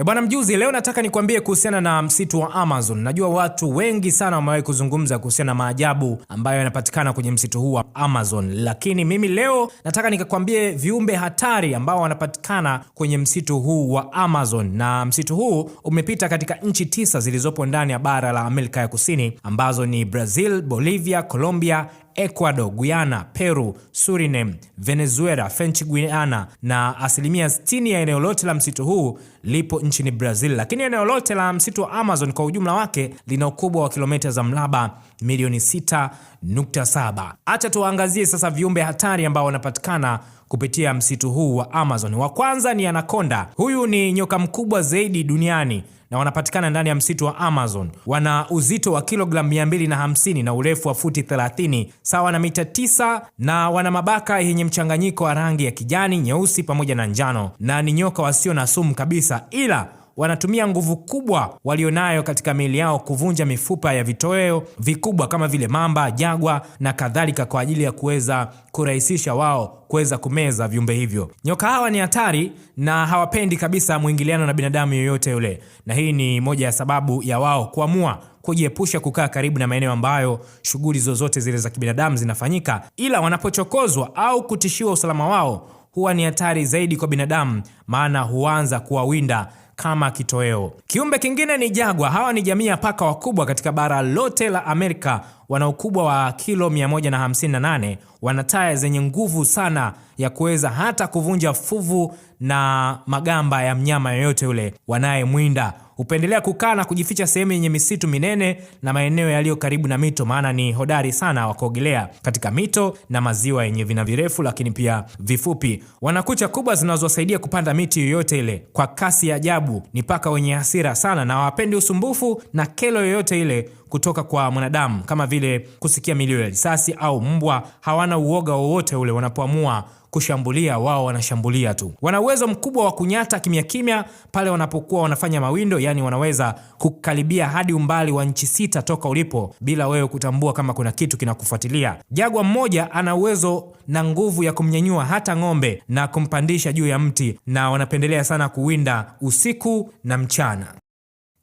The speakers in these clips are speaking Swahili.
E bwana mjuzi, leo nataka nikwambie kuhusiana na msitu wa Amazon. Najua watu wengi sana wamewahi kuzungumza kuhusiana na maajabu ambayo yanapatikana kwenye msitu huu wa Amazon, lakini mimi leo nataka nikakwambie viumbe hatari ambao wanapatikana kwenye msitu huu wa Amazon, na msitu huu umepita katika nchi tisa zilizopo ndani ya bara la Amerika ya Kusini ambazo ni Brazil, Bolivia, Colombia, Ecuador, Guyana, Peru, Suriname, Venezuela, French Guiana na asilimia 60 ya eneo lote la msitu huu lipo nchini Brazil, lakini eneo lote la msitu wa Amazon kwa ujumla wake lina ukubwa wa kilomita za mraba milioni 6.7. Acha tuwaangazie sasa viumbe hatari ambao wanapatikana kupitia msitu huu wa Amazon. Wa kwanza ni anaconda. Huyu ni nyoka mkubwa zaidi duniani na wanapatikana ndani ya msitu wa Amazon. Wana uzito wa kilogramu 250 na urefu wa futi 30 sawa na mita 9, na wana mabaka yenye mchanganyiko wa rangi ya kijani, nyeusi pamoja na njano, na ni nyoka wasio na sumu kabisa, ila wanatumia nguvu kubwa walionayo katika miili yao kuvunja mifupa ya vitoweo vikubwa kama vile mamba, jagwa na kadhalika kwa ajili ya kuweza kurahisisha wao kuweza kumeza viumbe hivyo. Nyoka hawa ni hatari na hawapendi kabisa mwingiliano na binadamu yoyote yule, na hii ni moja ya sababu ya wao kuamua kujiepusha kukaa karibu na maeneo ambayo shughuli zozote zile za kibinadamu zinafanyika, ila wanapochokozwa au kutishiwa usalama wao huwa ni hatari zaidi kwa binadamu, maana huanza kuwawinda kama kitoweo. Kiumbe kingine ni jagwa. Hawa ni jamii ya paka wakubwa katika bara lote la Amerika wana ukubwa wa kilo 158, wana taya zenye nguvu sana ya kuweza hata kuvunja fuvu na magamba ya mnyama yoyote yule wanayemwinda. Hupendelea kukaa na kujificha sehemu yenye misitu minene na maeneo yaliyo karibu na mito, maana ni hodari sana wa kuogelea katika mito na maziwa yenye vina virefu lakini pia vifupi. wanakucha kubwa zinazowasaidia kupanda miti yoyote ile kwa kasi ya ajabu. Ni paka wenye hasira sana na wapendi usumbufu na kelo yoyote ile kutoka kwa mwanadamu kama vile kusikia milio ya risasi au mbwa. Hawana uoga wowote ule, wanapoamua kushambulia wao wanashambulia tu. Wana uwezo mkubwa wa kunyata kimya kimya pale wanapokuwa wanafanya mawindo, yaani wanaweza kukaribia hadi umbali wa nchi sita toka ulipo bila wewe kutambua kama kuna kitu kinakufuatilia. Jagwa mmoja ana uwezo na nguvu ya kumnyanyua hata ng'ombe na kumpandisha juu ya mti, na wanapendelea sana kuwinda usiku na mchana.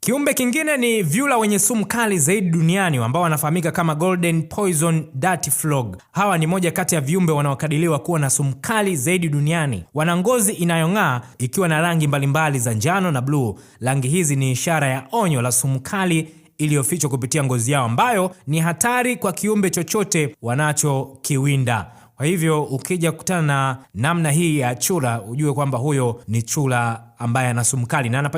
Kiumbe kingine ni vyura wenye sumu kali zaidi duniani ambao wanafahamika kama Golden Poison Dart Frog. Hawa ni moja kati ya viumbe wanaokadiriwa kuwa na sumu kali zaidi duniani. Wana ngozi inayong'aa ikiwa na rangi mbalimbali za njano na bluu. Rangi hizi ni ishara ya onyo la sumu kali iliyofichwa kupitia ngozi yao ambayo ni hatari kwa kiumbe chochote wanachokiwinda. Kwa hivyo ukija kukutana na namna hii ya chura, ujue kwamba huyo ni chura ambaye ana sumu kali na